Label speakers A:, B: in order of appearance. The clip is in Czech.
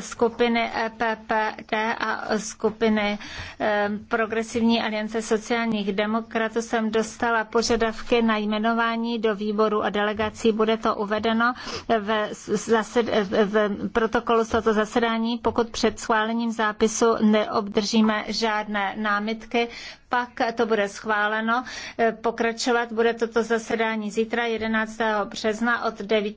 A: skupiny EPPD a skupiny eh, Progresivní aliance sociálních demokratů jsem dostala požadavky na jmenování do výboru a delegací. Bude to uvedeno v, zased, v protokolu z tohoto zasedání. Pokud před schválením zápisu neobdržíme žádné námitky, pak to bude schváleno. Eh, pokračovat bude toto zasedání zítra 11.
B: března od 9.